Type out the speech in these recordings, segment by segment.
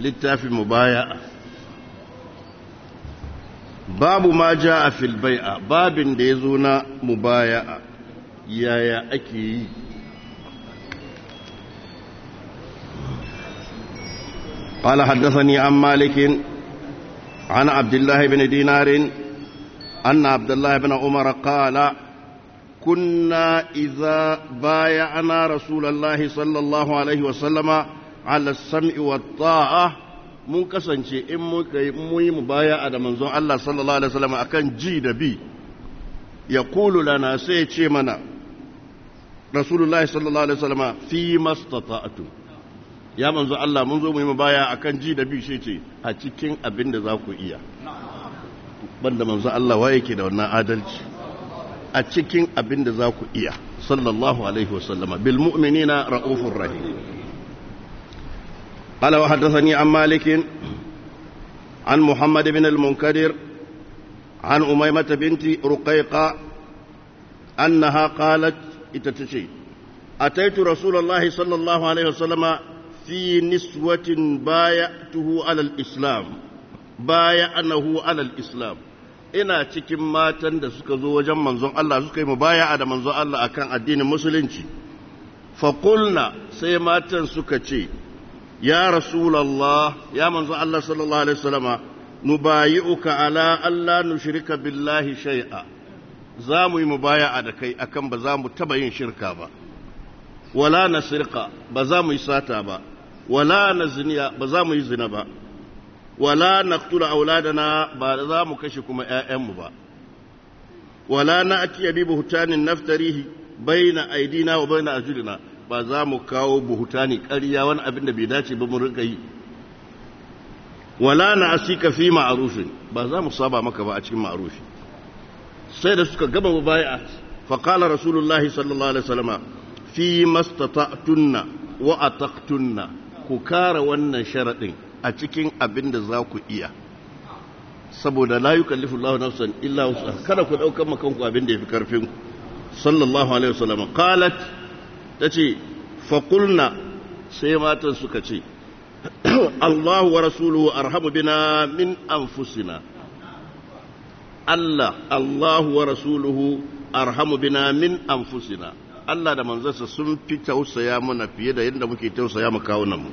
littafin mubaya باب ما جاء في البيعة باب ديزونا ya يا يا اكي قال حدثني عن مالك عن عبد الله بن دينار أن عبد الله بن عمر قال كنا إذا بايعنا رسول الله صلى الله عليه وسلم Ala Sam'i wa ta'a mun kasance in muka yi muyi mu baya a da manzon Allah sallallahu alaihi wasallam akan ji da bi ya kulu lana sai ya ce mana rasulullahi sallallahu alaihi wasallam fi mastata'tu ya manzo Allah mun zo mu yi mu baya akan ji da bi shi ce a cikin abin da za ku iya banda manzo Allah waye yake da wannan adalci a cikin abin da za ku iya sallallahu alaihi wasallam bil mu'minina ra'ufur rahim قال وحدثني عن مالك عن محمد بن المنكدر عن أميمة بنت رقيقة أنها قالت اتتشي أتيت رسول الله صلى الله عليه وسلم في نسوة بايعته على الإسلام بايعنه على الإسلام ina cikin matan da suka zo wajen manzon Allah suka yi mubaya'a da manzon Allah akan addinin musulunci fa sai matan suka ce ya rasulallah ya manzo Allah sallallahu alaihi wasallama nubayi'uka ala Allah nu shirika billahi shai'a za mu yi mubaya'a da kai akan ba za mu taba yin shirka ba wala nasirqa ba za mu yi sata ba wala nazniya ba za mu yi zina ba wala naqtula auladana ba za mu kashe kuma ƴaƴan mu ba wala na'ti bi buhtanin naftarihi baina aidina wa baina ajlina ba za mu kawo buhutani ƙarya wani abin da bai dace ba mu rinka yi wala na asika fi ma'arufin ba za mu saba maka ba a cikin ma'arufi sai da suka gama mubaya fa qala rasulullahi sallallahu alaihi wasallama fi mastata'tunna wa ataqtunna ku kara wannan sharaɗin a cikin abin da za ku iya saboda la yukallifu Allahu nafsan illa wusa kada ku daukar ku abin da yafi karfin ku sallallahu alaihi wasallama qalat ta ce faƙulna sai matan suka ce Allahu wa rasuluhu arhamu bina min anfusina Allah Allahu wa rasuluhu arhamu bina min anfusina Allah da manzansa sun fi tausaya mana fiye da yadda muke tausaya mu kawo nan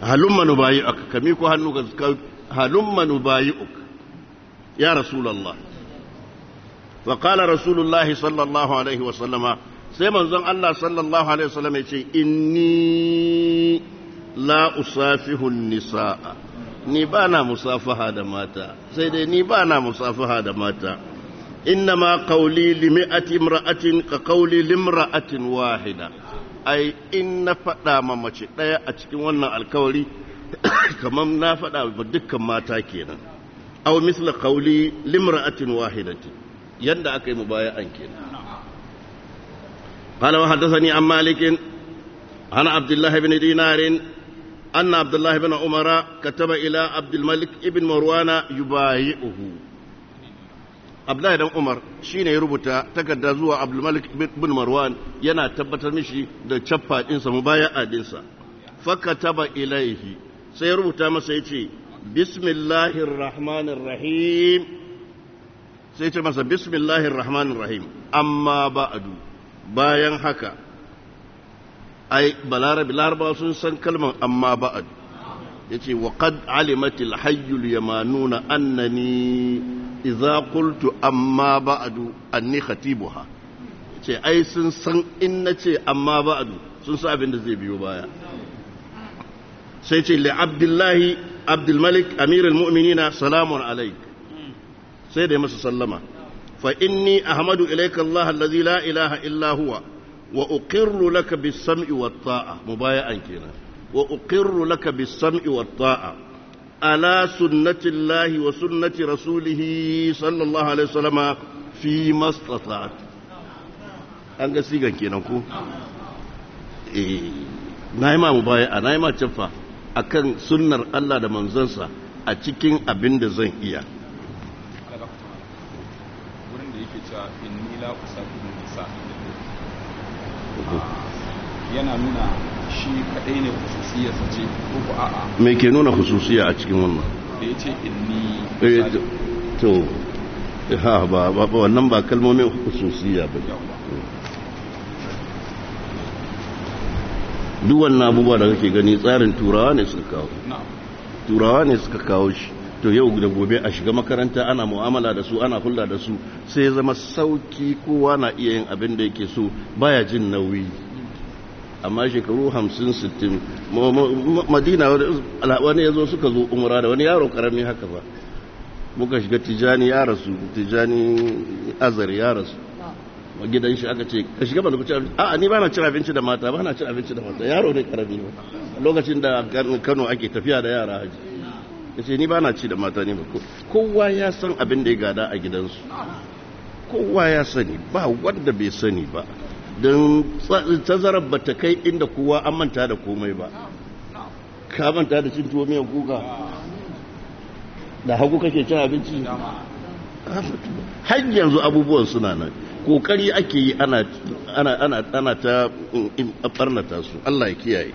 halumma nubayi'uka kami ko hannu ga halumma nubayi'uka ya rasulullah فقال رسول الله صلى الله عليه وسلم sai manzon Allah sallallahu alaihi wasallam ya ce inni la usafihu nisaa ni ba na musafaha da mata sai dai ni ba na musafaha da mata innama qawli li mi'ati imra'atin ka qawli limra'atin wahida ai in na faɗa ma mace ɗaya a cikin wannan alkawari kamar na faɗa ma dukkan mata kenan aw misla qawli limra'atin wahidatin yanda aka yi an kenan قال وحدثني عن مالك عن عبد الله بن دينار أن عبد الله بن عمر كتب إلى عبد الملك ابن مروان يبايعه Abdullahi dan Umar shine ya rubuta takarda zuwa Abdulmalik bin Marwan yana tabbatar mishi da cappa dinsa a dinsa fakataba ilaihi sai ya rubuta masa yace bismillahir rahmanir sai ya ce masa bismillahir rahmanir rahim amma ba'du bayan haka ai balarabi laraba sun san kalman amma ba'ad yace wa qad alimatil hayyul yamanuna annani idza qultu amma ba'du anni khatibuha ce ai sun san in ce amma ba'adu sun san abin da zai biyo baya sai ce li abdullahi abdul malik amirul mu'minina salamun alaik sai da masa sallama فإني أحمد إليك الله الذي لا إله إلا هو وأقر لك بالسمع والطاعة مبايعا كنا وأقر لك بالسمع والطاعة على سنة الله وسنة رسوله صلى الله عليه وسلم فيما استطعت أنك سيغا كنا na yi ma mubaya'a na yi ma cafa akan sunnar Allah da manzansa a cikin abin da zan iya cewa inni la usafiru nisa ah, yana nuna shi kadai ne sa ce ko ku a'a me ke nuna hususiya a cikin wannan da ya yace inni eh, to ha ba ba ba wannan ba kalmomin hususiya ba hmm. duk wannan abubuwa da kake gani tsarin turawa ne suka kawo turawa ne suka kawo shi to yau da gobe a shiga makaranta ana mu'amala da su ana hulɗa da su sai zama sauki kowa na iya yin abin da yake so baya jin nauyi amma shekaru hamsin sittin madina wani ya zo suka zo umra da wani yaro karami haka ba muka shiga tijani ya rasu tijani azar ya rasu gidan shi aka ce ka shiga ba lokaci a ni ba na cin abinci da mata ba na cin abinci da mata yaro ne karami ba lokacin da kano ake tafiya da yara haji ce ni ba na ci da mata ne ba kowa ya san abin da ya gada a gidansu kowa ya sani ba wanda bai sani ba don tazarar ba ta kai inda kowa an manta da komai ba ka manta da cin tuwo miyan kuka da hagu kake cin abinci har yanzu abubuwan suna nan kokari ake yi ana ta barnata su Allah ya kiyaye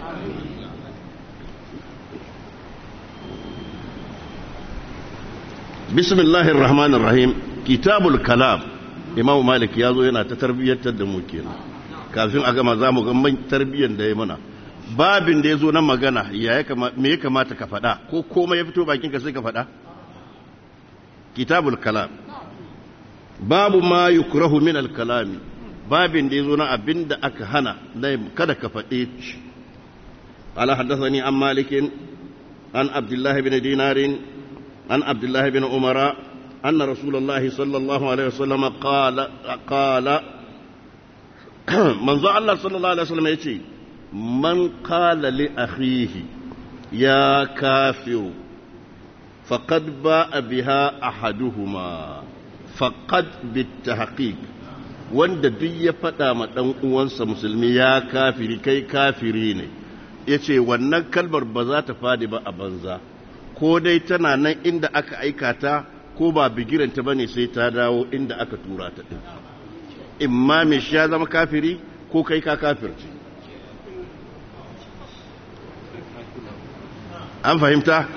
بسم الله الرحمن الرحيم كتاب الكلام امام مالك يازو هنا تتربية تدموكين ga man tarbiyyar da تربية دايمنا babin da ya zo na magana ya me ya kamata ka faɗa ko komai ya fito ka sai ka faɗa kitabul kalam babu ma yukrahu min al kalami babin da ya zo na abinda aka hana dai kada ka fade shi ala hadathani an malikin an abdullahi bin dinarin عن عبد الله بن عمر أن رسول الله صلى الله عليه وسلم قال قال من زعل الله صلى الله عليه وسلم يتي من قال لأخيه يا كافر فقد باء بها أحدهما فقد بالتحقيق وند دي فتا مدن uwansa sa musulmi ya kafiri kai kafiri ne yace wannan kalmar ba za ta fadi ba a banza ko dai tana nan inda aka aika ta ko ba bigiranta ba ne sai ta dawo inda aka tura ta ɗin in ma mishi ya zama kafiri ko kai ka kafirci an fahimta?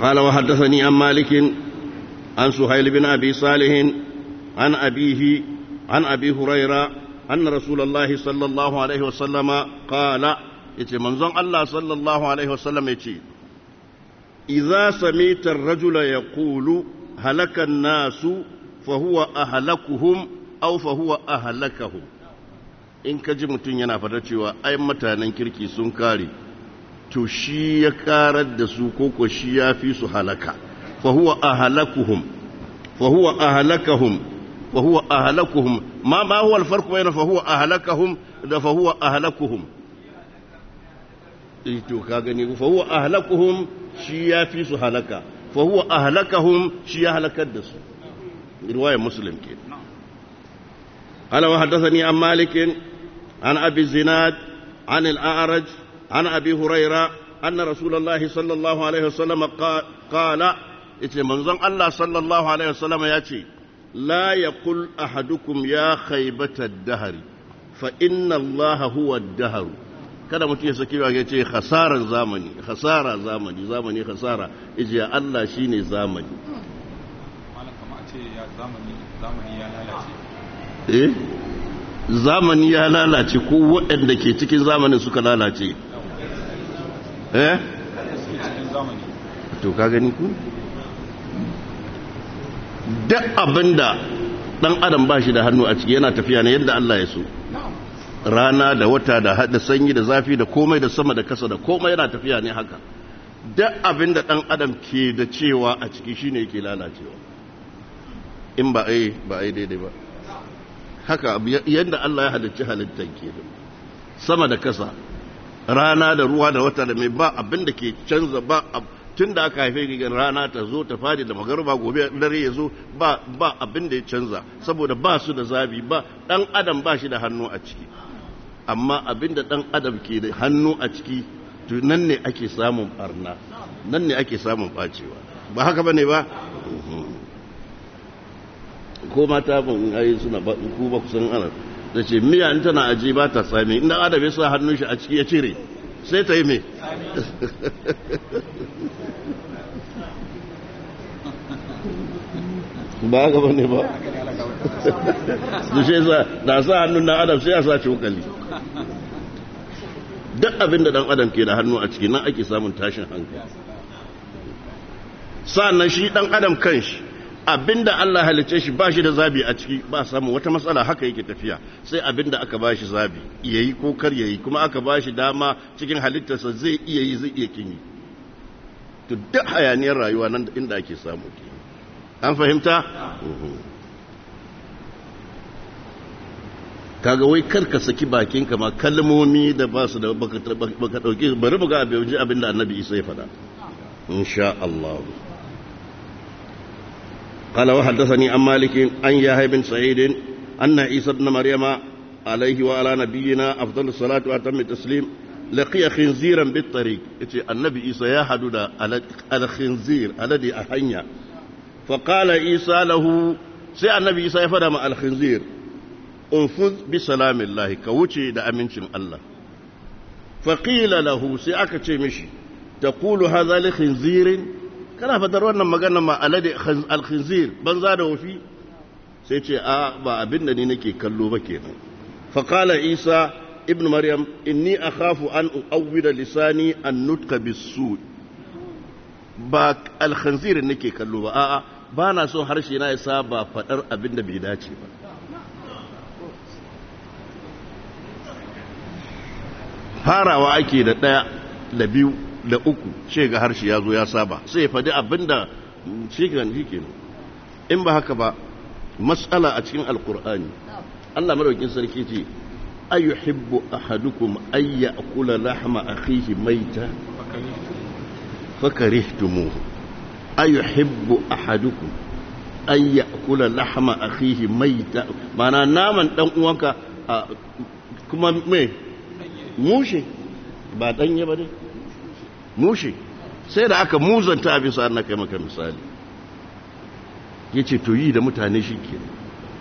ƙala mhm. wa haddasa ni an malikin an su bin abi salihin an abihi an abi huraira an na rasulallah sallallahu Alaihi wasallama ƙala yace manzon Allah sallallahu alaihi wasallam yace idza samita ar-rajula yaqulu halaka an-nasu fa a ahlakuhum au fa huwa ahlakahum in ka ji mutum yana fata cewa ai mutanen kirki sun kare to shi ya karar da su koko shi ya fi su halaka fa huwa ahlakuhum fa huwa ahlakahum fa huwa ahlakuhum ma ma huwa al-farq bayna fa a ahlakahum da fa huwa ahlakuhum to ka gani fa huwa ahlakuhum shi ya fi su halaka fa huwa ahlakahum shi ya halakar da su riwayar musulun ke alawa ni an malikin an abi zinad an al-a'raj an abi huraira na Rasulallah sallallahu alaihi wasallam qala yace manzon Allah sallallahu alaihi wasallam ce, la ya yaqul ahadukum ya khaybata ad-dahr fa inna Allaha huwa daharu. kada mutum ya saki wa ce hasarar zamani hasara zamani zamani hasara ijiya Allah shine zamani zamani ya lalace eh zamani ya lalace ko waɗanda ke cikin zamanin suka lalace eh to ka gani ku duk abinda dan adam bashi da hannu a ciki yana tafiya ne yadda Allah ya so rana da wata da hada sanyi da zafi da komai da sama da kasa da komai yana tafiya ne haka duk abin da dan adam ke da cewa a ciki shine yake lalacewa in ba ai ba ai daidai ba haka yadda Allah ya halicci halittar ke sama da kasa rana da ruwa da wata da mai ba abin da ke canza ba tun da aka haife gigan rana ta zo ta fadi da magarba gobe dare ya zo ba abin da ya canza saboda ba su da zabi ba dan adam ba shi da hannu a ciki amma abinda dan adam ke da hannu a ciki to nan ne ake samun barna nan ne ake samun bacewa ba haka bane ba ko mata in ai suna ba ku ba kusan ana da ce miya in tana aje ba ta sami inda adam ya sa hannun shi a ciki ya cire sai ta yi me ba gaba ne ba dushe sa da sa hannun dan adam sai ya sa cokali duk abin da dan adam ke da hannu a ciki nan ake samun tashin hankali na shi dan adam kanshi abinda Allah halicce shi ba shi da zabi a ciki ba samun wata matsala haka yake tafiya sai abinda aka ba shi zabi yayi ko kar yayi kuma aka ba shi dama cikin halittarsa zai iya yi zai iya yi. to duk hayaniyar rayuwa nan inda ake samu kenan an fahimta kaga wai karka saki bakin ma kalmomi da ba su da baka dauki bari buga abin abin da annabi isa ya faɗa insha Allah قال وحدثني عن مالك عن يحيى بن سعيد أن عيسى بن مريم عليه وعلى نبينا أفضل الصلاة وأتم التسليم لقي خنزيرا بالطريق النبي عيسى يحدد على الخنزير الذي أحيا faƙala isa lahu sai annabi isa ya fada ma alhinzir unfuz bi salamin lahi ka wuce da amincin Allah faƙila lahu sai aka ce mishi ta kulu haza alhinzirin kana fadar wannan magana ma alade alhinzir banza da wufi sai ce a ba abin ni nake kallo ba ke faƙala isa ibn maryam inni a khafu an uƙawida lisani an nutka bisu ba alhinzirin nake kallo ba a'a ba na so harshe na ya saba faɗar abin da bai dace ba farawa ake da ɗaya da biyu da uku ce ga harshe ya zo ya saba sai ya faɗi abin da shi in ba haka ba matsala a cikin alkur'ani allah maraukin sarki ce ayuhibbu kula ayya a lahma mai maita fakarihtumu ayuhibbu ahadukum an ya'kula lahma akhihi maita mana naman dan uwanka kuma me mushe ba danye ba dai mushe sai da aka muzanta abin sa na maka misali yace to yi da mutane shike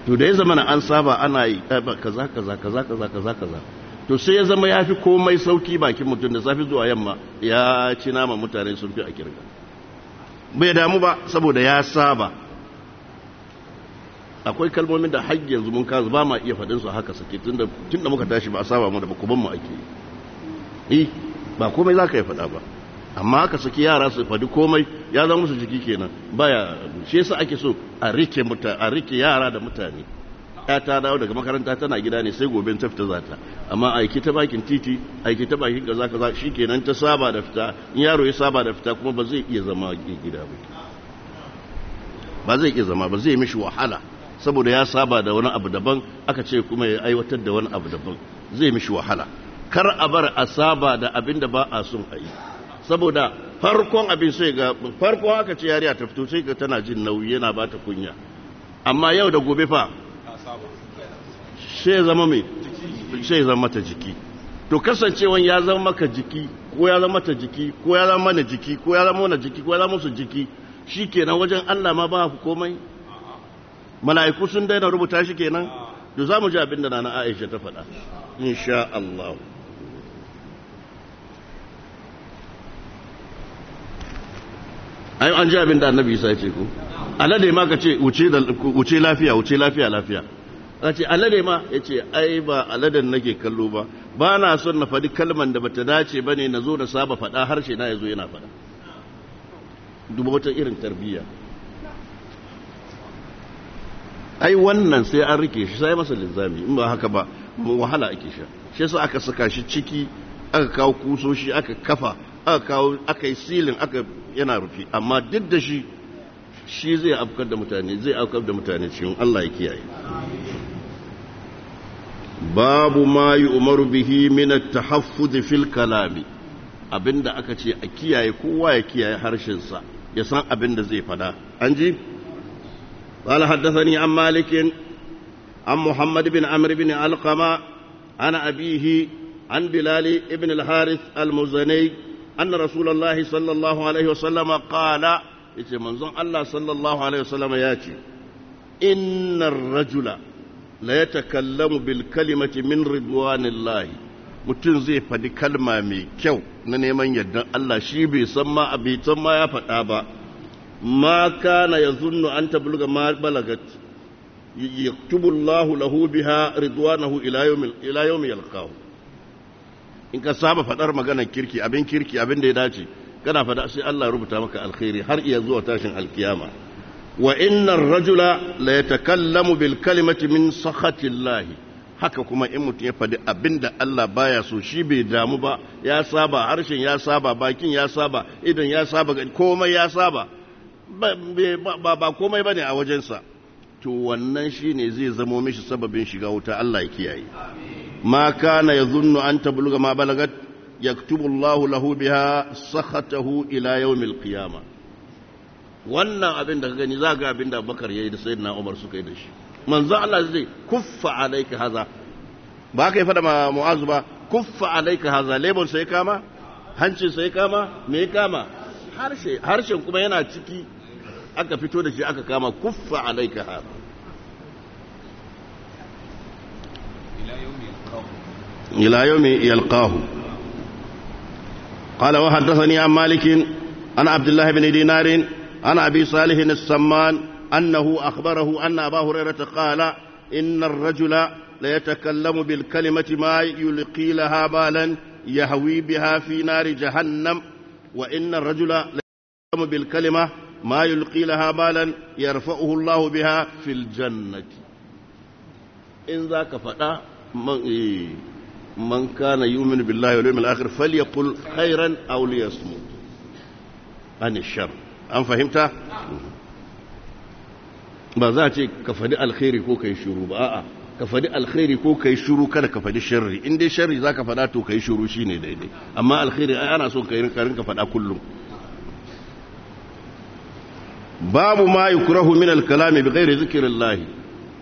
to da ya zama na an saba ana yi kaza kaza kaza kaza kaza kaza to sai ya zama ya fi komai sauki bakin mutum da safi zuwa yamma ya ci nama mutane sun fi a kirga bai damu ba saboda ya saba akwai kalmomin da hajji yanzu mun kazu ba ma iya faɗin su haka sake tun da muka tashi ba a saba mu da bakuban mu ake yi eh, ba komai za ka yi faɗa ba amma haka sake yara su faɗi komai ya zama musu jiki kenan baya shi yasa ake so a rike yara da mutane ya ta dawo daga makaranta tana gida ne sai gobe ta fita za ta amma aiki ta bakin titi aiki ta bakin kaza kaza kenan ta saba da fita in yaro ya saba da fita kuma ba zai iya zama gida ba ba zai iya zama ba zai mishi wahala saboda ya saba da wani abu daban aka ce kuma ya aiwatar da wani abu daban zai mishi wahala kar a bar a saba da abin da ba a son a yi saboda farkon abin sai ga farkon aka ce yariya ta fito sai ga tana jin nauyi yana ba ta kunya amma yau da gobe fa sai ya zama mai sai ya zama mata jiki to kasancewan ya zama maka jiki ko ya zama mata jiki ko ya zama mana jiki ko ya zama mana jiki ko ya zama musu jiki shi kenan wajen Allah ma ba ku komai mala'iku sun daina rubuta shi kenan to za mu ji abin da nana Aisha ta faɗa insha Allah ai an ji abin da annabi Isa ya ce ko alade ma ka ce wuce lafiya wuce lafiya lafiya a ce alade ma ya ce ai ba aladen nake kallo ba ba na son na faɗi kalman da bata dace ba ne na zo na saba faɗa harshe na ya zo yana faɗa duba wata irin tarbiyya ai wannan sai an rike shi sai masa linzami in ba haka ba wahala ake sha shi yasa aka saka shi ciki aka kawo kusoshi aka kafa aka kawo aka yi silin aka yana rufi amma duk da shi shi zai afkar da mutane zai afkar da mutane cikin Allah ya kiyaye babu ma yi umaru bihi minat tahaffudhi fil kalami abinda aka ce a kiyaye kowa ya kiyaye harshen sa ya san abinda zai fada an ji qala haddathani an malikin an muhammad ibn amr bin alqama ana abihi an bilali ibn al harith al muzani anna rasulullahi sallallahu alaihi wa qala yace manzon Allah sallallahu alaihi wasallam ya ce innan rajula la yatakallamu bil kalimati min ridwanillahi mutum zai faɗi kalma mai kyau na neman yardan Allah shi bai san ma bai san ma ya faɗa ba ma kana zunnu an tabluga ma balagat yaktubu Allah lahu biha ridwanahu ila yawmil ila in ka saba faɗar maganar kirki abin kirki abin da ya dace kana fada sai Allah rubuta maka alkhairi har iya zuwa tashin alkiyama wa innar rajula la yatakallamu bil kalimati min sakhatillahi haka kuma in mutum ya faɗi abinda Allah baya so shi bai damu ba ya saba harshen ya saba bakin ya saba idan ya saba komai ya saba ba ba komai bane a wajensa to wannan shine zai zamo mishi sababin shiga wuta Allah ya kiyaye ma kana yadhunnu an tabluga ma balagat يكتب الله له بها سخطه إلى يوم القيامة wannan abin da ka gani za ga abin da bakar ya yi da sayyidina umar suka yi da shi manzo Allah zai kuffa alaika haza ba ka yi fada ma mu'azu ba kuffa alaika haza lebon sai kama hancin sai kama me kama harshe harshen kuma yana ciki aka fito da shi aka kama kuffa alaika haza ila yawmi yalqahu قال وحدثني عن مالك عن عبد الله بن دينار عن أبي صالح السمان أنه أخبره أن أبا هريرة قال إن الرجل ليتكلم بالكلمة ما يلقي لها بالا يهوي بها في نار جهنم وإن الرجل ليتكلم بالكلمة ما يلقي لها بالا يرفعه الله بها في الجنة إن ذاك فتى إيه. man kana yu'minu billahi wal yawmil akhir falyaqul khairan aw liyasmut an shar an fahimta ba za a ce ka faɗi alkhairi ko kai shiru ba a'a ka faɗi alkhairi ko kai shiru kada ka faɗi sharri in dai sharri ka faɗa to kai shiru shine daidai amma alkhairi ai ana so ka rinka faɗa kullum babu ma yukrahu min al-kalami bi ghairi zikrillah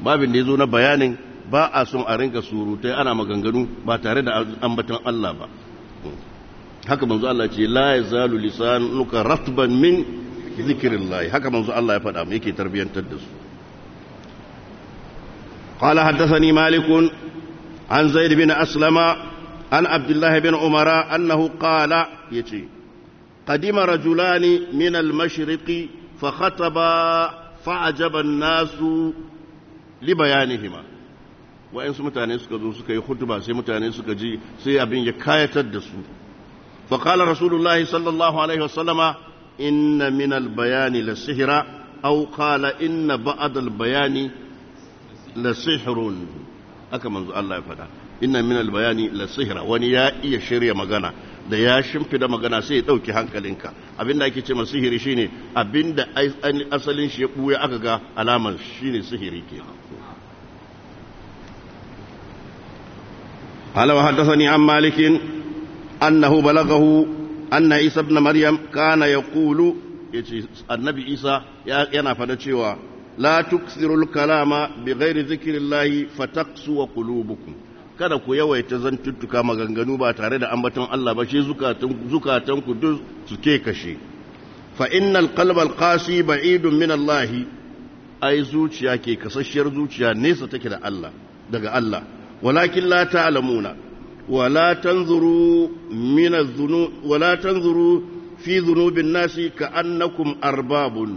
babin da yazo na bayanin ba a son a ringa surutai ana maganganu ba tare da ambatan Allah ba haka manzo Allah ce la yazalu lisanuka ratban min zikrillah haka manzo Allah ya faɗa mu yake tarbiyantar da su qala ni malik an zaid bin aslama an Abdullahi bin umara annahu qala yace qadima rajulan min al-mashriq fa khataba fa ajaba an-nasu li bayanihima wa'yansu mutane suka zo suka yi hutuba sai mutane suka ji sai abin ya kayatar da su faƙala rasulullahi sallallahu alaihi wasallama inna min albayani la sihira aw qala inna ba'd albayani la sihrun aka manzo Allah ya faɗa inna min albayani la sihira wani ya iya shirya magana da ya shimfida magana sai ya ɗauki hankalinka abinda ake ce ma sihiri shine abinda asalin shi ya buya aka ga alamar shine sihiri kenan قال وحدثني عن مالك أنه بلغه أن عيسى ابن مريم كان يقول النبي عيسى ينا فدتشوا لا تكثروا الكلام بغير ذكر الله فتقسو قلوبكم kada ku yawaita zantuttuka maganganu ba tare da ambaton Allah ba shi zukatan ku duk su ke kashe fa innal qalba alqasi ba'idun min Allah ai zuciya ke kasashiyar zuciya nesa take da Allah daga Allah walakin لا تعلمون ولا تنظروا min الذنوب ولا تنظروا في ذنوب الناس كأنكم أرباب arbabun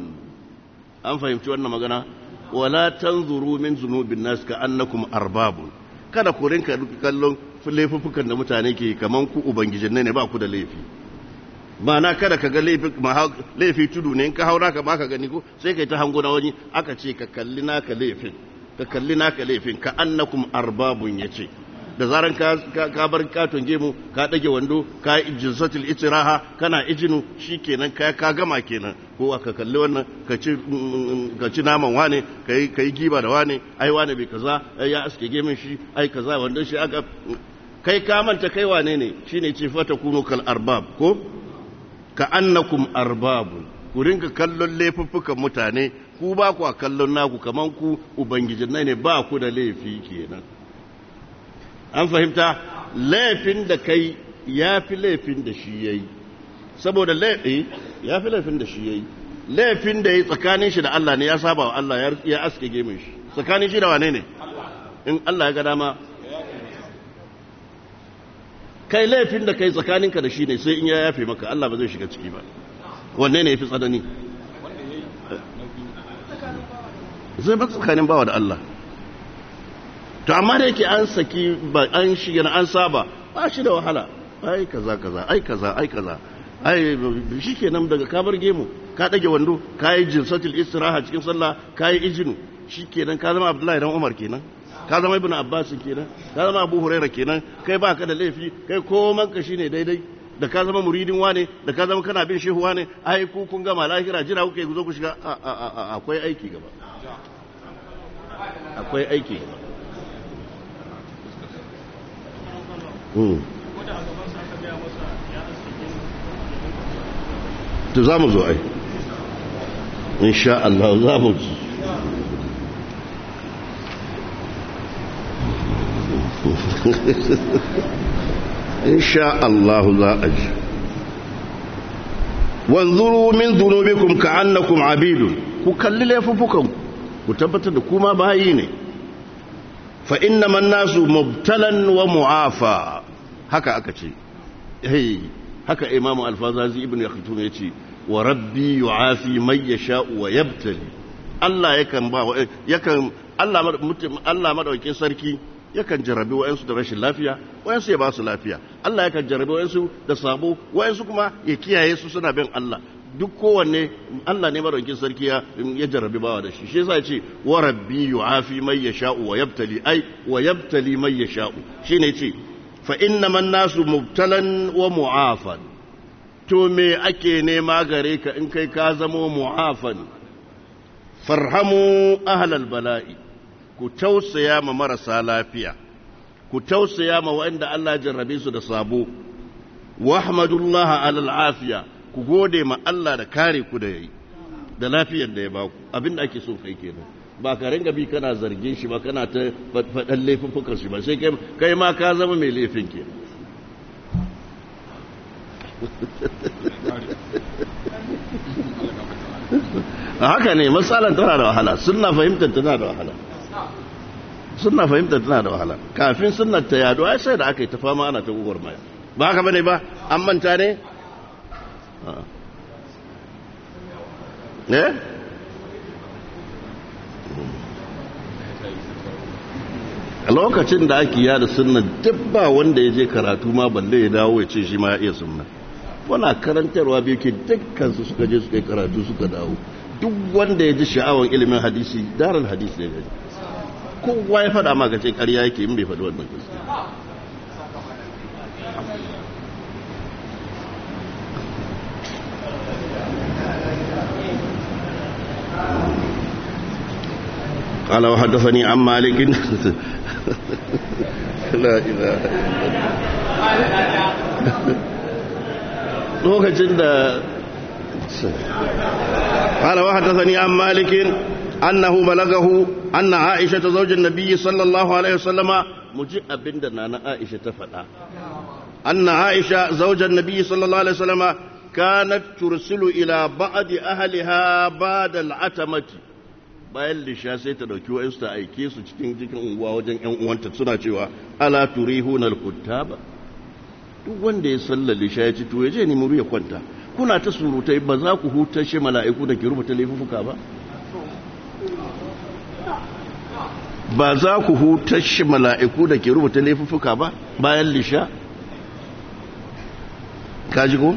an fahimci wannan magana تنظروا من min zunubin كأنكم أرباب arbabun kada ku rinka kallon laifuffukan da mutane ke kaman ku ubangijin ne ba ku da laifi na kada ka ga laifi tudu ne in ka haura ka ba ka gani ko sai kai ta hango na wani aka ce ka kalli naka laifin ka kalli naka laifin ka annakum arbabun yace da zaran ka bar katon gemu ka dage wando ka jinsatul itiraha kana ijinu shikenan ka ka gama kenan ko ka kalli wannan ka ci mm, mm, ka ci naman wane kai kai giba da wane ai wane bai kaza ya aske gemin shi ai kaza wandon shi aka mm. kai ka manta kai wane ne shine ce fata kunu kal arbab ko ka annakum arbabun ku rinka kallon laifuffukan mutane ku ba ku a kallon naku kamar ku ubangijin ne ba ku da laifi kenan an fahimta laifin da kai ya fi laifin da shi ya yi saboda laifi eh, ya fi laifin da shi ya yi laifin da ya tsakanin shi da Allah ne ya saba wa Allah ya aske gemin shi tsakanin shi da wane ne in Allah ya ga dama kai laifin da kai tsakaninka da shi ne sai in ya yafe maka Allah ba zai shiga ciki ba wanne ne ya fi tsanani zai ba tsakanin bawa da Allah to amma da yake an saki ba an shiga an saba ba shi da wahala ai kaza kaza ai kaza ai kaza ai shikenan daga ka bar gemu ka dage wando ka yi jinsatul istiraha cikin sallah ka yi ijinu shikenan ka zama Abdullahi dan Umar kenan ka zama Ibn Abbas kenan ka zama Abu Hurairah kenan kai baka da laifi kai koman ka shine daidai da ka zama muridin wane da ka zama kana bin shehu wane ai ku kun gama lahira jira kuke zo ku shiga akwai aiki gaba akwai aiki hmm. to za mu zo ai insha Allah za mu zo insha Allah za a ji wanzuru min zunubikum ka'annakum abidun ku kalli laifukanku ku tabbatar da kuma bayi ne fa man nasu mubtalan wa mu'afa haka aka ce hey haka imamu alfazazi ibnu yakhtum yace wa rabbi yu'afi man yasha wa yabtali Allah yakan ba yakan Allah mutum Allah madaukin sarki yakan jarabi wayansu da rashin lafiya wayansu ya ba su lafiya Allah yakan jarabi wayansu da sabo wayansu kuma ya kiyaye su suna bin Allah duk kowanne Allah ne maraukin sarki ya jarrabi bawa da shi shi yasa ce wa rabbi yu'afi man yasha'u wa yabtali ai wa yabtali man yasha'u shine ce fa innaman nasu mubtalan wa mu'afan to me ake nema gare ka in kai ka zamo mu'afan farhamu ahlal bala'i ku tausaya ma marasa lafiya ku tausaya ma waɗanda Allah jarrabe su da sabo wahmadullaha alal afiya ku gode ma Allah da kare ku da yayi da lafiyar da ya baku abin da ake so kai kenan ba ka ringa bi kana zargin shi ba kana ta faɗan fukar shi ba sai kai ma ka zama mai laifin ke haka ne matsalan tana da wahala suna fahimtar tana da wahala suna fahimtar tana da wahala kafin sunnar ta yaduwa sai da aka yi ta fama ana ta gugurmaya ba haka bane ba an manta ne ne? Uh-huh. a lokacin da ake yada suna dabba wanda ya je karatu ma balle ya dawo ya ce shi ma ya iya sunna wana karantarwa biyu ke dukkansu suka je suka yi karatu suka dawo duk wanda ya ji sha'awar ilimin hadisi darar hadisi ne gaji kowa ya faɗa ma ka ce yake yin bai faɗi wannan قال وحدثني عن مالك لا إله الا الله lokacin da قال وحدثني عن مالك أنه بلغه أن عائشة زوج النبي صلى الله عليه وسلم مجيء بندنا انا عائشة تفدا أن عائشة زوج النبي صلى الله عليه وسلم كانت ترسل إلى بعض أهلها بعد العتمة bayan lisha sai ta dauki wa'insu ta aike su cikin jikin unguwa wajen yan uwanta suna cewa ala nal alkutaba duk wanda ya sallar lisha ya ci to ya je ne muru ya kwanta kuna ta surutai ba za ku hutar shi mala'iku da ke rubuta laifuka ba ba za ku hutar shi mala'iku da ke rubuta laifuka ba bayan lisha ka ji ko?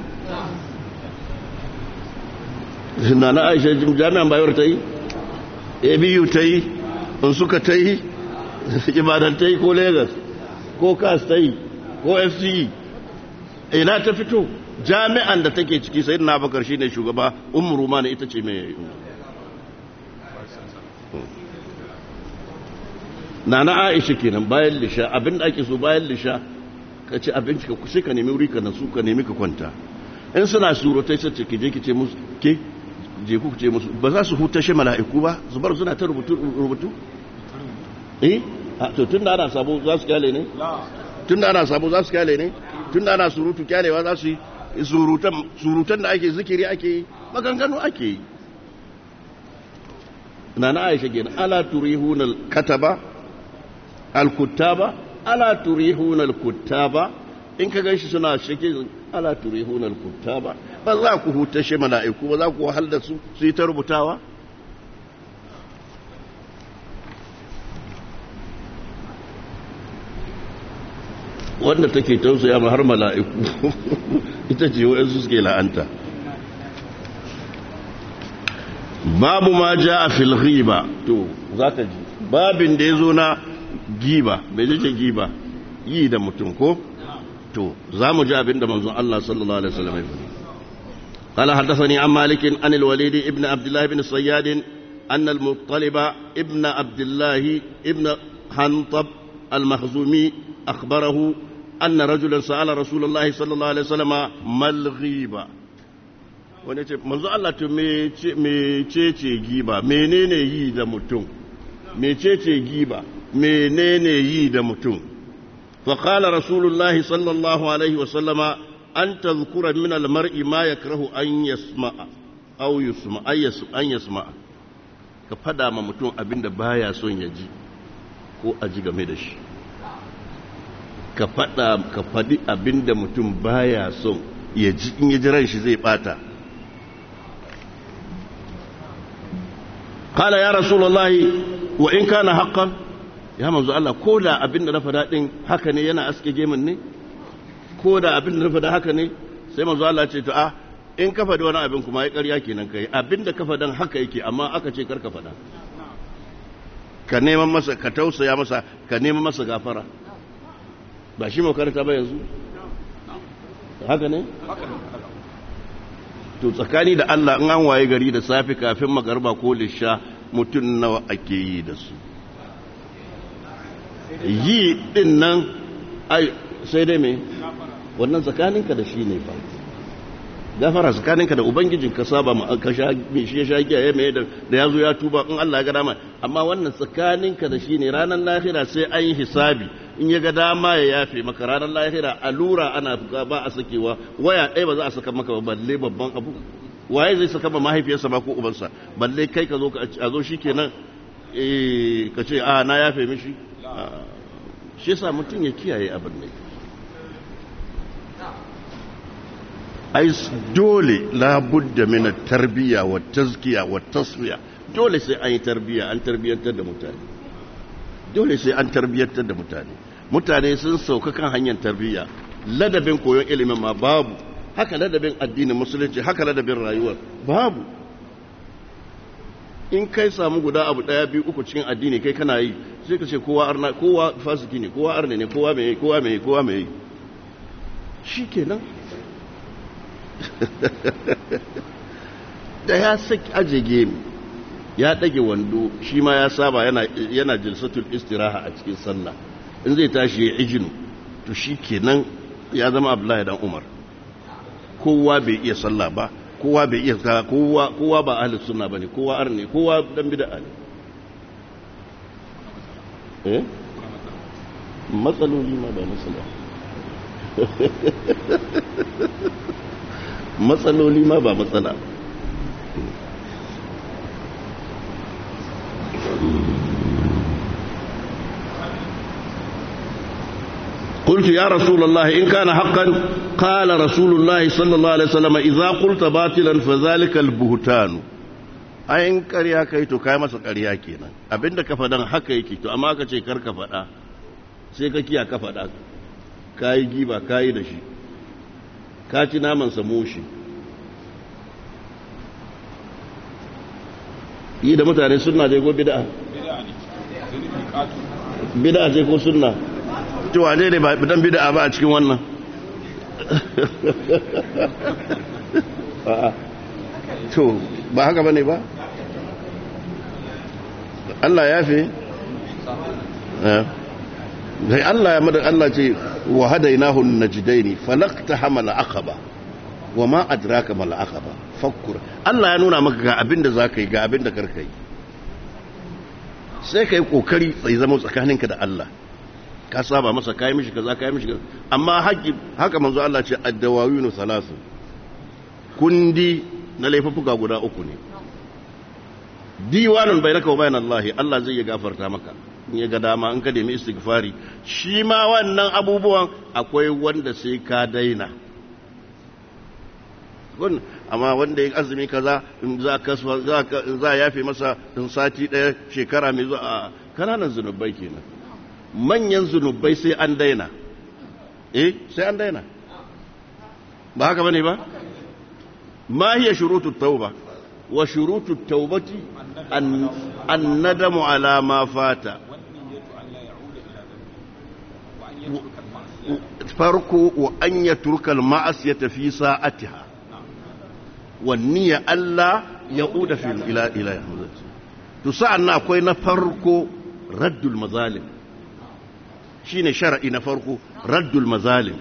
Zinana Aisha jami'an bayar ta yi? abu ta yi in suka ta yi ibadan ta yi ko lagos ko kas ta yi ko fce ina ta fito jami'an da take ciki sai na bakar shi ne shugaba umaru ma ita ce mai yayi na na aisha kenan bayan lisha abin da ake so bayan lisha ka ci abinci ka kusa ka nemi wuri ka nasu ka nemi ka kwanta in suna surutai sai ce ki je ki ce musu ke je ku ce musu ba za su hutashe mala'iku ba su bar suna ta rubutu rubutu eh to tunda ana sabo za su kyale ne tunda ana sabo za su kyale ne tunda ana surutu kyalewa za su yi surutan surutan da ake zikiri ake yi maganganu ake yi nana aisha gina ala turihuna kataba alkutaba ala turihuna alkutaba in ka ganshi suna shake ala turihuna alkutaba ba za ku hutashe mala'iku ba za ku wahal su su yi ta rubutawa wanda take tausaya ma har mala'iku ita ce su suke la'anta babu ma ja a filghiba to za ka ji babin da ya zo na giba bai jike giba yi da mutum ko تو زام جابن دم الله صلى الله عليه وسلم قال حدثني عن مالك عن الوليد ابن عبد الله بن صياد أن المطلب ابن عبد الله ابن حنطب المخزومي أخبره أن رجلا سأل رسول الله صلى الله عليه وسلم ما الغيبة ونيتي منزو الله تو مي مي تشيتشي غيبة مي نيني يي متون مي تشيتشي غيبة مي نيني يي متون فقال رسول الله صلى الله عليه وسلم أن تذكر من المرء ما يكره أن يسمع ka fada ma mutum abin da baya son ya ji ko a ji game da shi ka fada ka fadi abin da mutum baya son ya ji in ya ji shi zai bata قال يا رسول الله وإن كان حقا ya manzo Allah ko da abin da na faɗa din haka ne yana aske gemin ne ko da abin da na faɗa haka ne sai manzo Allah ce to a ah, in ka faɗi wani abin kuma ai ƙarya kenan kai abin da ka faɗan haka yake amma aka ce kar ka faɗa ka neman masa ka tausaya masa ka neman masa gafara ba shi makaranta ba yanzu haka ne to tsakani da Allah in an waye gari da safi kafin magarba ko lisha mutum nawa ake yi da su yi din nan ai sai dai me wannan tsakaninka da shi ne ba gafara tsakaninka da ubangijin ka saba ma ka sha me shi ya sha giya mai da ya zo ya tuba in Allah ya ga dama amma wannan tsakaninka da shi ne ranar lahira sai an yi hisabi in ya ga dama ya yafe maka ranar lahira allura ana ba a sakewa waya ɗaya ba za a saka maka ba balle babban abu waye zai saka ma mahaifiyarsa ba ko ubansa balle kai ka zo ka zo shikenan eh ka ce a ah, na yafe mishi Ah, shi sa mutum ya kiyaye abin da ai dole labudda mina tarbiya wa tazkiya wa taswiya dole sai an yi tarbiya an tarbiyantar da mutane dole sai an tarbiyantar da mutane mutane sun sauka kan hanyar tarbiya ladabin koyon ilimin ma babu haka ladabin addinin musulunci haka ladabin rayuwar babu in kai samu guda abu daya biyu uku cikin addini kai kana yi sai ka ce kowa arna kowa fasiki ne kowa arne ne kowa mai kowa mai kowa mai shikenan da ya saki aje game ya dage wando shi ma ya saba yana yana jilsatul istiraha a cikin sallah in zai tashi ya ijinu to shikenan ya zama abdullahi dan umar kowa bai iya sallah ba kowa bai iya kaza kowa kowa ba ahli sunna bane kowa arne kowa dan bid'a ne eh matsaloli ma ba matsala matsaloli ma ba matsala فقلت يا رسول الله إن كان حقا قال رسول الله صلى الله عليه وسلم إذا قلت باطلا فذلك البهتان kai to kai masa ƙarya kenan abinda ka faɗan haka yake to amma ka ce kar ka faɗa sai ka kiya ka faɗa ka yi giba ka yi da shi ka ci naman yi da mutane sunna dai ko bid'a bid'a ce ko sunna to wane ne ba dan bid'a ba a cikin wannan to ba haka bane ba Allah ya fi eh. sai Allah ya madar Allah ce wa hadainahu najdaini falaqta hamala aqaba wa ma adraka mal aqaba fakkur Allah ya nuna maka ga abinda zakai ga abinda karkai sai kai kokari sai zama tsakaninka da Allah ka saba masa kai mishi kaza kai mishi amma haƙi haka manzo Allah ce addawawinu salasu kundi na laifuffuka guda uku ne diwanun bainaka wa bayan Allah Allah zai ya gafarta maka in ya ga dama in ka nemi istighfari shi ma wannan abubuwan akwai wanda sai ka daina Kun amma wanda ya azumi kaza za ka za yafe masa in sati ɗaya shekara mai zuwa kananan zanubai kenan manyan zunubai sai an daina eh sai an daina ba haka bane ba ma hiya shurutut tauba wa shurutut taubati an nadamu ala ma fata farko wa an yatruka al-ma'asiyata fi sa'atiha wa niyya alla yauda fil ila ila to sa'an akwai na farko raddul mazalim Shi ne shara'i na farko raddul mazalim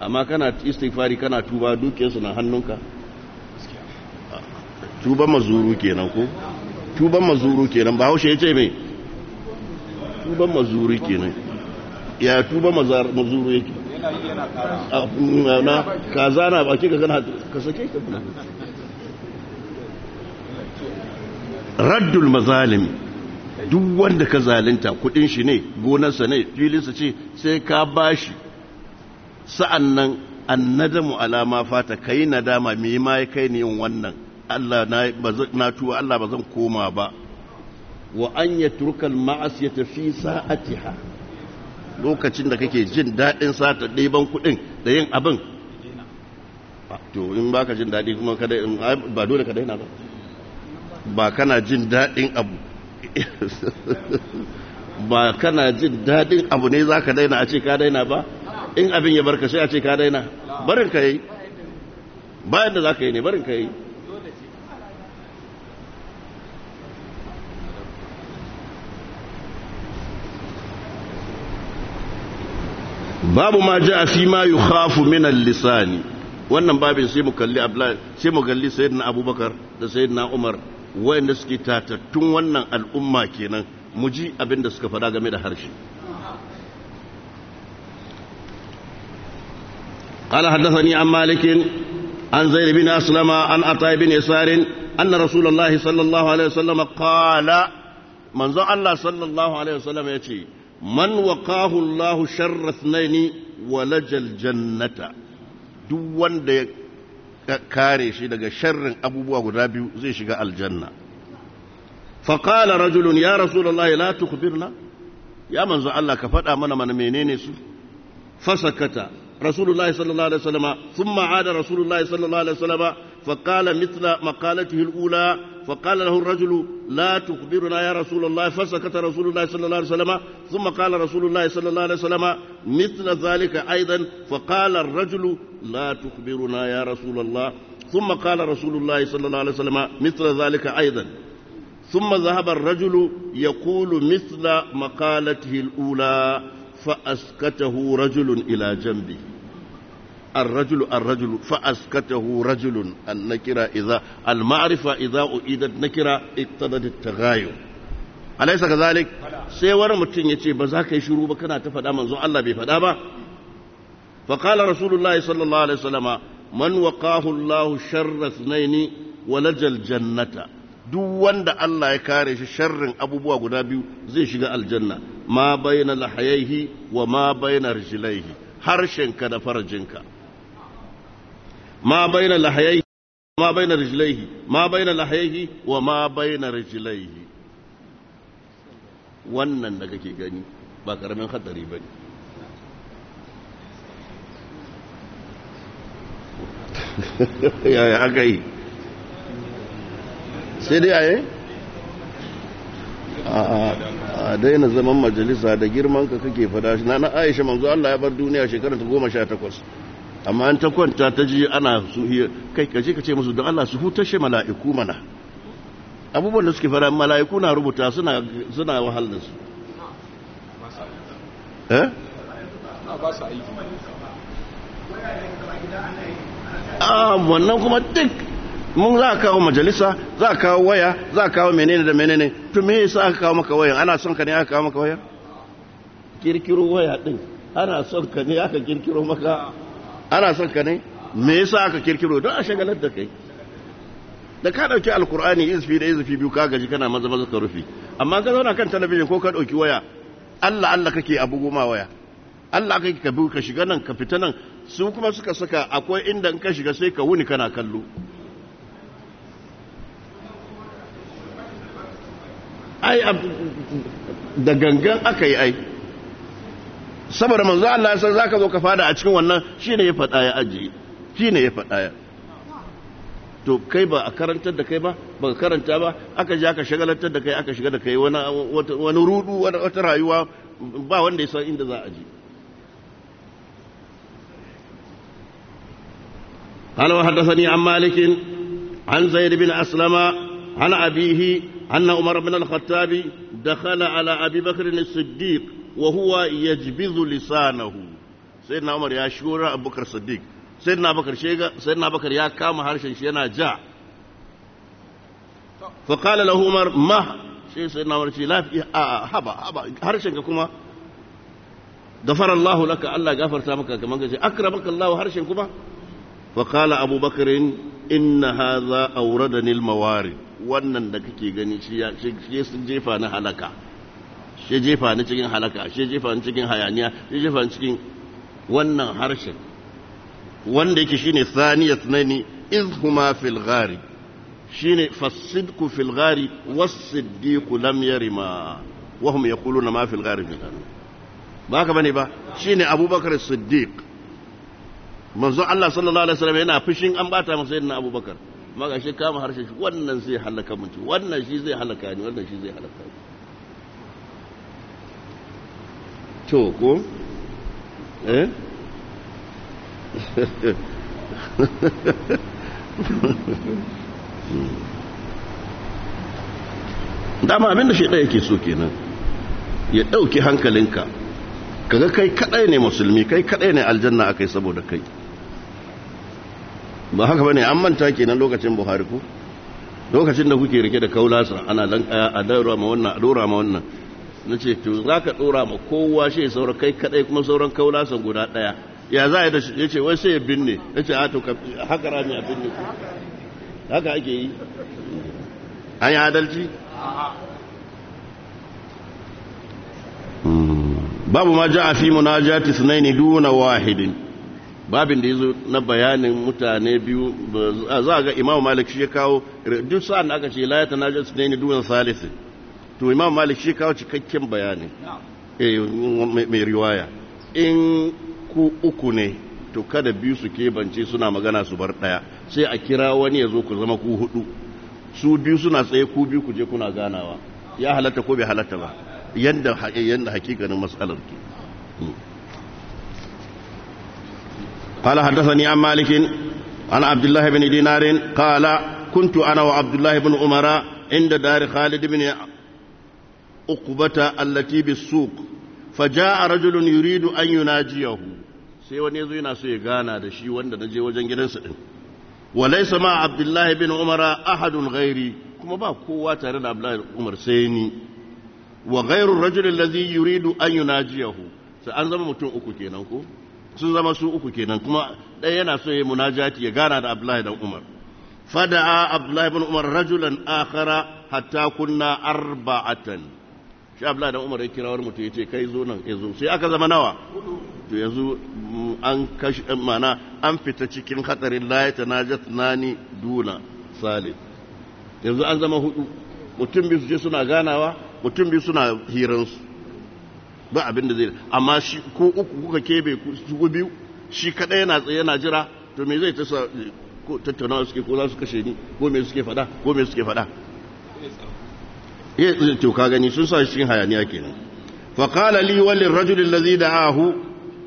amma kana istighfari kana tuba dukiyarsu na hannunka tuba mazuru kenan ko tuban mazuru kenan ba haushe ce me tuban mazuru kenan ya tuba mazuru yake ka ah, kaza na baki ka gana ka sake ka raddul mazalim duk wanda ka zalunta kudin shi ne gonarsa ne filinsa ce sai ka bashi sa'annan annadamu alama fata ka yi nadama me ma ya kai ni yin wannan Allah na tuwa Allah ba zan koma ba wa an tafi ma'asiyata fi ha lokacin da kake jin daɗin sata ɗiban kudin da yin abin to in ba ka jin daɗi kuma ba dole ka daina ba ba kana jin daɗin abu ba kana jin daɗin abu ne za ka daina a ce ka daina ba in abin ya barka sai a ce ka daina barin ka yi bayan da za ka yi ne barin ka yi babu ma a fi ma yi hafu minan lisani wannan babin sai mu kalli abdullahi sai mu kalli sayyidina abubakar da sayyidina umar wayanda suke tatattun wannan al'umma kenan mu ji abin da suka faɗa game da harshe qala hadathani an malikin an zaid bin aslama an ata bin isarin anna rasulullahi sallallahu alaihi wasallam qala manzo allah sallallahu alaihi wasallam yace man waqahu allah sharra ithnaini walajal jannata duk wanda kare shi daga sharrin abubuwa guda biyu zai shiga aljanna faƙala rajulun ya rasulullahi la tukbirna ya manzo Allah ka faɗa mana mana menene su fasakata rasulullahi sallallahu alaihi wasallama thumma ada rasulullahi sallallahu alaihi wasallama faqala mithla maqalatihi alula فقال له الرجل لا تخبرنا يا رسول الله فسكت رسول الله صلى الله عليه وسلم ثم قال رسول الله صلى الله عليه وسلم مثل ذلك أيضا فقال الرجل لا تخبرنا يا رسول الله ثم قال رسول الله صلى الله عليه وسلم مثل ذلك أيضا ثم ذهب الرجل يقول مثل مقالته الأولى فأسكته رجل إلى جنبه الرجل الرجل فأسكته رجل النكرة إذا المعرفة إذا أعيدت نكرة اقتضت التغاير أليس كذلك؟ سيورا متين يتي بزاك يشرو تفدا منزو الله بفدا فقال رسول الله صلى الله عليه وسلم من وقاه الله شر اثنين ولج الجنة duk wanda Allah ya kare shi sharrin abubuwa guda biyu zai shiga aljanna ma bayna lahayaihi wa ma jilaihi harshenka da farjinka ma bayna lahayaihi ma bayna rijlaihi ma wa wannan da kake gani ba karamin hadari bane yaya aka yi sai dai ayi. a daina zaman majalisa da girman ka kake fada shi na na aisha manzo Allah ya bar duniya shekarar ta goma sha takwas amma an ta kwanta ta ji ana su iya kai ka ce musu don Allah su hutashe mala'iku mana abubuwan da suke fara mala'iku na rubuta suna suna wahal da su eh ba sa aiki Ah, wannan kuma duk mun za a kawo majalisa za a kawo waya za a kawo menene da menene to me yasa aka kawo maka waya ana son ka ne aka kawo maka waya kirkiro waya din ana son ka ne aka kirkiro maka ana son ka ne me yasa aka kirkiro don a shagalar da kai da ka dauki alkur'ani izfi da izfi biyu ka gaji kana maza maza ka rufi amma ka zauna kan talabijin ko ka dauki waya Allah Allah kake abu goma waya Allah kake ka bi ka shiga nan ka fita nan su kuma suka saka akwai inda ka shiga sai ka wuni kana kallo ai da gangan aka yi ai saboda manzo Allah sai zaka zo ka fada a cikin wannan shine ya fada ya ajiye shine ya fada ya to kai ba a karantar da kai ba ba karanta ba aka ji aka shagalantar da kai aka shiga da kai wani rudu wata rayuwa ba wanda ya san inda za a je قال وحدثني عن مالك عن زيد بن أسلم عن أبيه أن عمر بن الخطاب دخل على أبي بكر الصديق وهو يجبذ لسانه سيدنا عمر يا شورى أبو بكر الصديق سيدنا أبو بكر شيغا سيدنا أبو بكر يا كام هرشن شينا جاء فقال له عمر ما شيء سيدنا عمر شي لا في آه، آه، هبا هبا هرشن كما غفر الله لك الله غفر لك كما أكرمك الله هرشن كما فقال أبو بكر إن هذا أوردني الموارد wannan da kake gani shi sun jefa na halaka shi jefa ni cikin halaka shi jefa ni cikin hayaniya shi jefa ni cikin wannan harshen wanda yake shine saniya tsanani huma fil ghari shine fasidku fil ghari wasiddiqu lam yarima wa hum yaquluna ma fil ghari min ba ka bane ba shine abubakar siddiq manzo Allah sallallahu alaihi wasallam yana fushin an bata masa sayyidina Abubakar Amma shi kama harshe shi wannan zai halaka mutum wannan shi zai halaka ni wannan shi zai halaka ni to ko eh dama abinda shi ɗaya ke so kenan ya ɗauki hankalinka kaga kai kaɗai ne musulmi kai kaɗai ne aljanna akai saboda kai ba haka bane an manta kenan lokacin buhari ku lokacin da kuke rike da kaulasa ana dan kaya a daura ma wannan a dora ma wannan na ce to za ka dora ma kowa shi sauran kai kadai kuma sauran kaulasan guda daya ya za a da shi ya ce wai sai ya binne ya ce a to haka rami a binne ku haka ake yi an yi adalci hmm. babu ma ja'a fi munajati sunaini duna wahidin babin da ya zo na bayanin mutane biyu za a ga imam malik shi kawo duk sa'an da aka ce la na tanajal su ne duwan to imam malik shi kawo cikakken bayani eh, mai riwaya in ku uku ne to kada biyu su kebance suna magana su bar ɗaya sai a kira wani ya zo ku zama ku hudu su biyu suna tsaye ku biyu ku je kuna ganawa ya halatta ko bai halatta ba yadda hakikanin matsalar ke hmm. قال حدثني عن مالك عن عبد الله بن دينار قال كنت أنا وعبد الله بن عمر عند دار خالد بن عقبة التي بالسوق فجاء رجل يريد أن يناجيه sai wani yazo yana so ya gana da shi wanda na je wajen gidansa din walaysa ma abdullahi bin umara ahadun ghairi kuma ba kowa tare da abdullahi umar sai ni wa ghairu rajul allazi yuridu an yunajiyahu sai an zama mutum uku kenan ko sun zama su uku kenan kuma ɗaya yana so ya munajati ya gana da abdullahi dan umar fada'a abdullahi bin umar rajulan akhara hatta kunna arba'atan shi abdullahi dan umar ya kira wani mutum ya ce kai zo nan yazo eh, sai aka zama nawa to yanzu mm, an kashi eh, mana an fita cikin hatsarin layata ya tanajat nani duna salih yanzu an zama hudu mutum biyu su je suna ganawa mutum biyu suna hiransu ba abin da zai amma shi ko uku kuka kebe su biyu shi kaɗai yana tsaye yana jira to me zai tasa ko tattaunawa suke ko za su kashe ni ko me suke fada ko me suke fada eh to ka gani sun sa shi hayaniya kenan fa qala li wal rajul alladhi da'ahu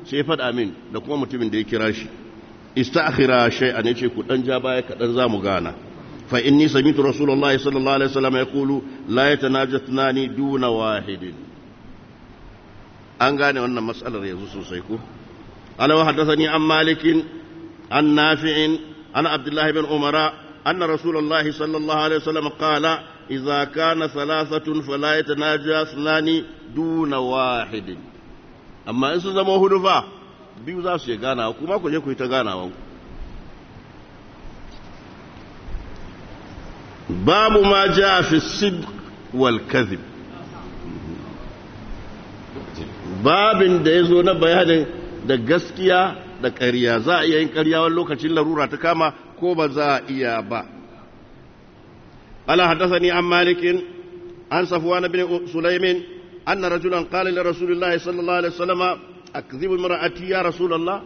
sai fada min da kuma mutumin da ya kira shi istakhira shay'an yace ku dan ja baya kadan zamu gana fa inni sami tu rasulullahi sallallahu alaihi wasallam yaqulu la yatanajatnani duna wahidin an gane wannan matsalar yanzu sosai ko alawa ni an malikin an nafi'in an abdullahi bin umara anna rasulullahi sallallahu alaihi wasallam qala idza kana thalathatun fala yatanaja ithnani duna wahidin amma in sun zama hudu fa biyu za su je ganawa kuma ku je ku yi ta ganawa babu ma ja fi sid wal kadhib babin da ya zo na bayanin da gaskiya da ƙarya za a iya yin ƙarya wani lokacin larura ta kama ko ba za a iya ba ala ni an malikin an safuwa na bin sulaimin na rajulan qala da rasulillahi sallallahu alaihi a akdhibu mara'ati ya rasulallah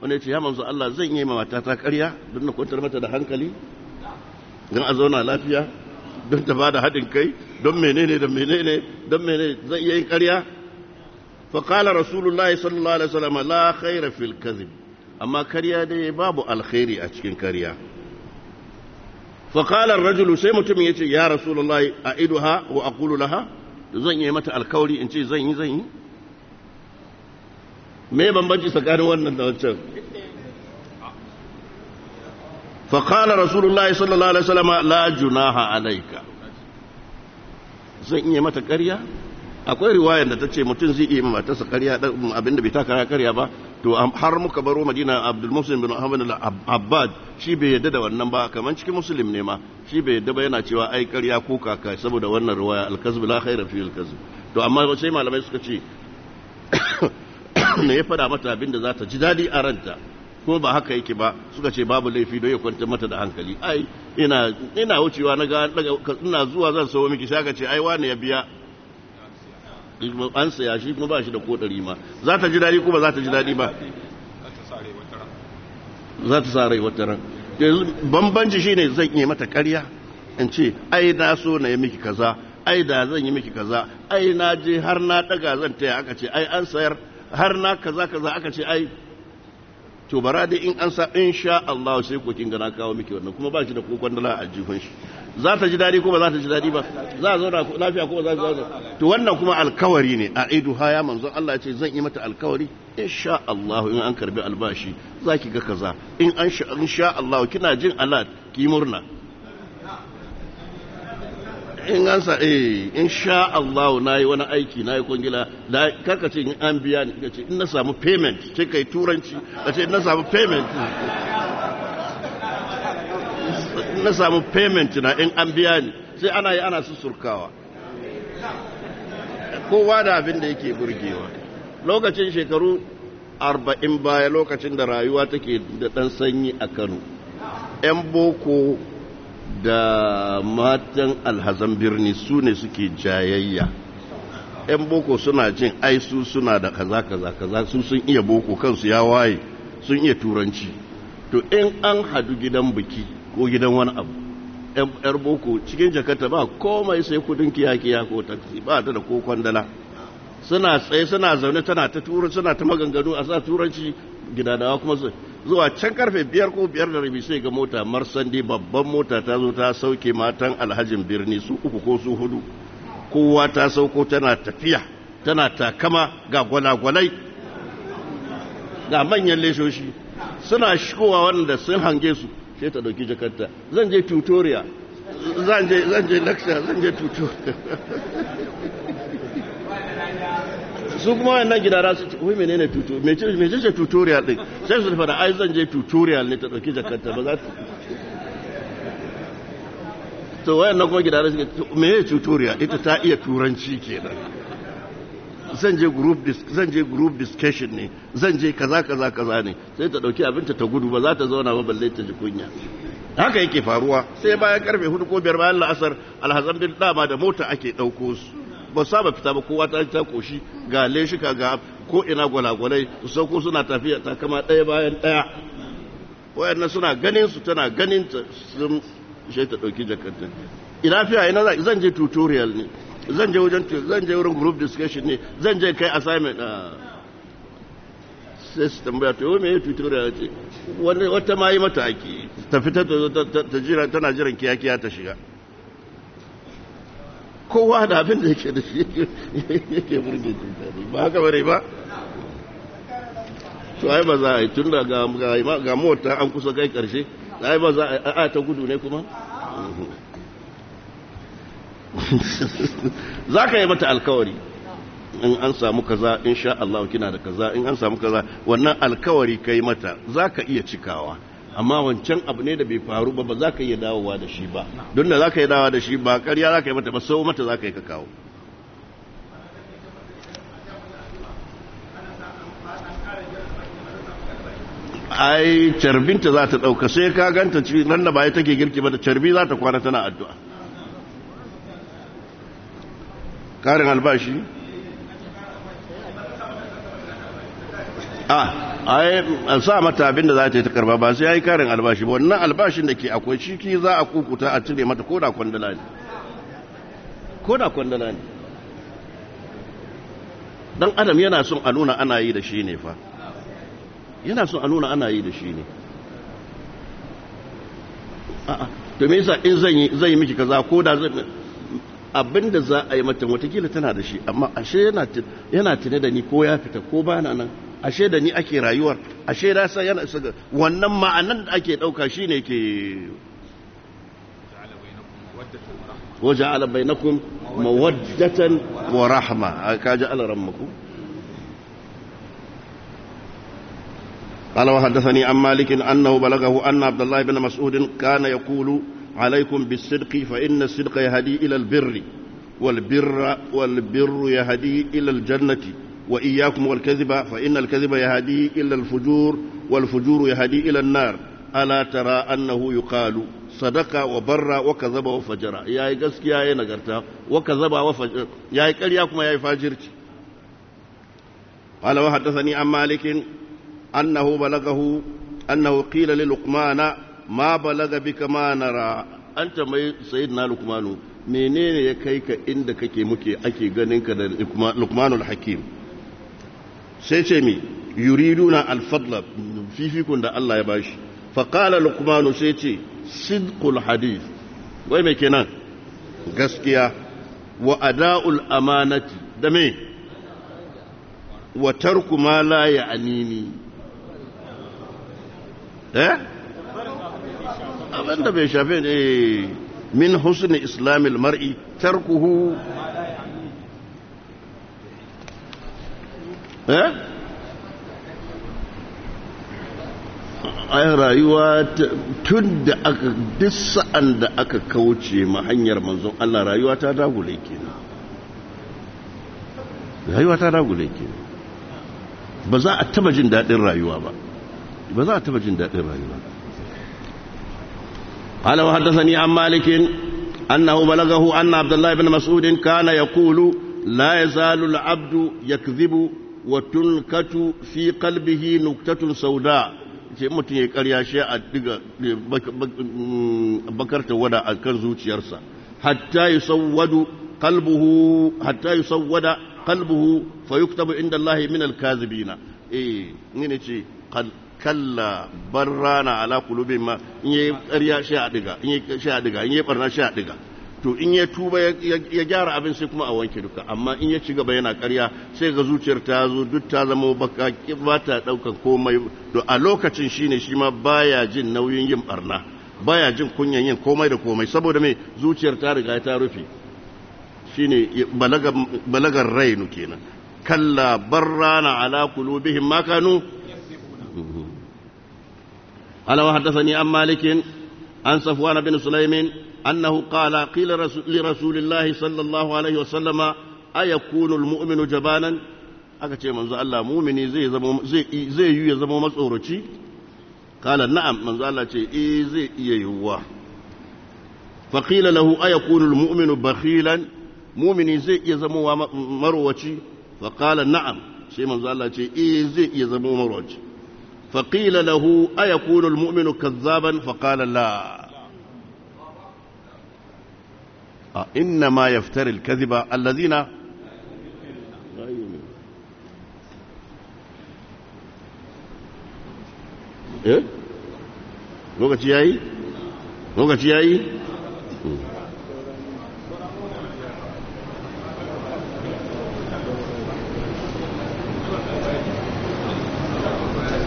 wani ce ya manzo Allah zan yi mawata ta ƙarya don na kwantar mata da hankali don a zauna lafiya don ta ba da haɗin kai don menene da menene don menene zan iya yin ƙarya فقال رسول الله صلى الله عليه وسلم لا خير في الكذب أما كريا دي باب الخير أتشكين كريا فقال الرجل سيمتم يتي يا رسول الله أعيدها وأقول لها zan yi mata alkawari in ce zan yi zan yi me bambanci tsakanin wannan da wancan faƙala rasulullahi sallallahu alaihi wasallama la junaha alaika zan iya mata ƙarya akwai riwayar da ta ce mutum zai iya matarsa karya abinda bai kara karya ba to har muka baro madina abdul muslim bin ahmad al-abbad shi bai yadda da wannan ba kamar cikin muslim ne ma shi bai yadda ba yana cewa ai karya ko kaka saboda wannan riwaya al-kazb la khaira fi al-kazb to amma sai malamai suka ce ne ya fada mata abin da za ta ji dadi a ranta ko ba haka yake ba suka ce babu laifi don ya kwantar mata da hankali ai ina wucewa na ga ina zuwa zan sawo miki shaka ce ai wane ya biya an saya shi kuma ba shi da kodari ma za ta ji daɗi ko ba za ta ji daɗi ba za ta sa rai wata ran bambanci ne zan yi mata ƙarya in ce ai na so na yi miki kaza ai da zan yi miki kaza ai na je har na daga zan taya aka ce ai an sayar har na kaza kaza aka ce ai to bara dai in an sa in sha Allah sai ko kin ga na kawo miki wannan kuma ba shi da kokon dala a jihun shi za ta ji daɗi ko ba za ta ji daɗi ba za a zauna lafiya ko ba za ta zauna to wannan kuma alkawari ne a idu haya manzon Allah ya ce zan yi mata alkawari insha Allah in an karbi albashi za ki ga kaza in an insha Allah kina jin alat ki murna in an sa eh insha Allah nayi wani aiki nayi kungila da kaka ce in an biya ni kace in na samu payment sai kai turanci kace in na samu payment na samu payment na in an biya ni sai ana yi ana su surkawa kowa da abin da yake burgewa lokacin shekaru arba'in baya lokacin da rayuwa take da ɗan sanyi a kano 'yan boko da matan alhazan birni su ne suke jayayya 'yan boko suna jin ai su suna da kaza kaza kaza su sun iya boko kansu ya waye sun iya turanci to in an hadu gidan biki ko gidan wani abu yar boko cikin jakarta ba komai sai kudin kiyakiya ko taksi ba ta da ko kwandala suna tsaye suna zaune tana ta turu suna ta maganganu a sa turanci gidadawa kuma su zuwa can karfe biyar ko biyar da rabi sai ga mota marsandi babban mota ta zo ta sauke matan alhajin birni su uku ko su hudu kowa ta sauko tana tafiya tana takama ga gwalagwalai ga manyan leshoshi suna shigowa wanda sun hange su sai ta dauki jakarta zan je tutorial zan je zan je lecture zan je tutorial su kuma gida gidara su ce ne menene tutorial mece mece tutorial din sai su fara ai zan je tutorial ne ta dauki jakarta ba za ta to wayannan kuma gida su ce me tutorial ita ta iya turanci kenan zan je group zan je group discussion ne zan je kaza kaza kaza ne sai ta dauki abinta ta gudu ba za ta zauna ba balle ta ji kunya haka yake faruwa sai bayan karfe hudu ko biyar bayan la'asar alhazan bin dama da mota ake dauko su ba saba fita ba kowa ta ta koshi ga leshika ga ko ina gwalagwalai su sauko suna tafiya ta kama ɗaya bayan ɗaya wayannan suna ganin su tana ganin ta sun shi ta ɗauki jakarta ina fiya ina zan je tutorial ne zan je wajen zan je wurin group discussion ne zan je kai assignment ah. sai su tambaya to me ya tutura ya ce wata ma yi mata aiki ta fita ta jira tana jiran kiyakiya ta shiga kowa da abin da yake da shi yake burge jin ba haka bare ba to ai ba za a yi tun da ga mota an kusa kai karshe ai ba za a ta gudu ne kuma za ka yi mata alkawari in an samu kaza in sha Allah kina da kaza in an samu kaza wannan alkawari ka yi mata za ka iya cikawa amma wancan abu ne da bai faru ba ba za ka iya dawowa da shi ba don da za ka yi dawowa da shi ba karya za ka yi mata ba sau mata za ka yi ka kawo ai carbinta za ta ɗauka sai ka ganta nan da baya take girki ba da carbi za ta kwana tana addu'a Karin albashi ah, a sa mata abinda za ta yi ta karba ba sai ya yi albashi ba wannan albashin da ke akwai ciki za a kukuta a cire mata koda kwandala ne koda kwandala ne dan adam yana son a nuna ana yi da shi ne fa yana son a nuna ana yi da shi ne a'a to me yasa in zan yi miki kaza ko da zan abin da za a yi mata watakila tana da shi amma ashe yana tune da ni ko ya fita ko ba na nan ashe da ni ake rayuwar ashe na sa yana isa wannan ma'anan da ake ɗauka shi ne ke waje ala bainakum mawaddatan wa rahma ka ji ala rammaku قال وحدثني عن مالك أنه بلغه أن عبد الله بن مسعود كان يقول عليكم بالصدق فإن الصدق يهدي إلى البر والبر والبر يهدي إلى الجنة وإياكم والكذب فإن الكذب يهدي إلى الفجور والفجور يهدي إلى النار ألا ترى أنه يقال صدق وبر وكذب وفجر يا إيجاسك يا نقرتا وكذب وفجر يا كرياكم يا إيجاسك قال وحدثني عن مالك أنه بلغه أنه قيل للقمان ma balaga bi kama nara an tambayi na lukmanu menene ya kai ka inda kake muke ake ganin ka da lukmanul hakim sai ce mi yuriduna alfadla fifikun da Allah ya bashi qala lukmanu sai ce sidqul hadith wai mai kenan gaskiya wa ada'ul amanati da me wa tarku ma la ya'nini eh da bai shafe min husni islamil mar'i tarkuhu eh ai rayuwa tun da aka duk sa'an da aka kauce ma hanyar manzon Allah rayuwa ta dagule kenan rayuwa ta dagule kenan ba za a taba jin daɗin rayuwa ba ba za a taba jin daɗin rayuwa ba قال وحدثني عن مالك أنه بلغه أن عبد الله بن مسعود كان يقول لا يزال العبد يكذب وتنكت في قلبه نكتة سوداء sai mutum ya karya shi a diga bakar tawada a kan zuciyarsa hatta yi sauwadu kalbuhu hatta yi sauwada kalbuhu fa yuktabu inda Allah min al-kazibina eh ne ce kalla bar rana ala kulubin ma in yi ƙarya shi a diga in yi shi a diga in yi barna shi a diga to in ya tuba ya gyara abin sai kuma a wanke duka amma in ya ci gaba yana ƙarya sai ga zuciyar ta zo duk ta zama baka ba ta ɗaukan komai to a lokacin shine shi ma baya jin nauyin yin barna baya jin kunyan yin komai da komai saboda me zuciyar ta riga ta rufe shine balagar rainu kenan kalla rana ala qulubihim ma kanu قال وحدثني عن مالك عن صفوان بن سليم أنه قال قيل لرسول الله صلى الله عليه وسلم أيكون المؤمن جبانا أكا شيء من زال الله مؤمني زي زمو زي زي يو زمو مسؤولتي قال نعم من زال الله شيء زي يو فقيل له أيكون المؤمن بخيلا مؤمن زي يزمو مروتي فقال نعم شيء من زال الله شيء زي يزمو مروتي فقيل له أيكون المؤمن كذابا فقال لا آه، إنما يفتري الكذب الذين إيه؟ لغة ياي لغة ياي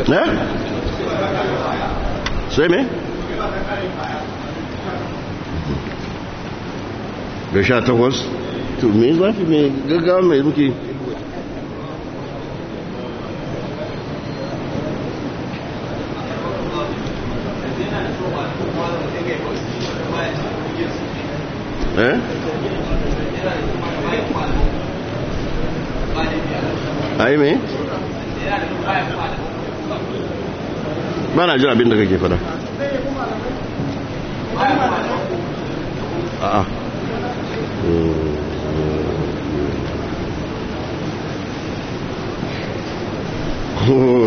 Eh? Eh? sai me? da sha takwas to me zafi me gaggawa na jin abin da kake fada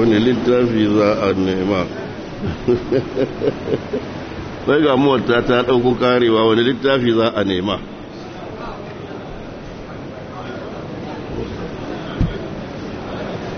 ne littafi za a nema sai ga muwata ta ɗauko karewa wani littafi za a nema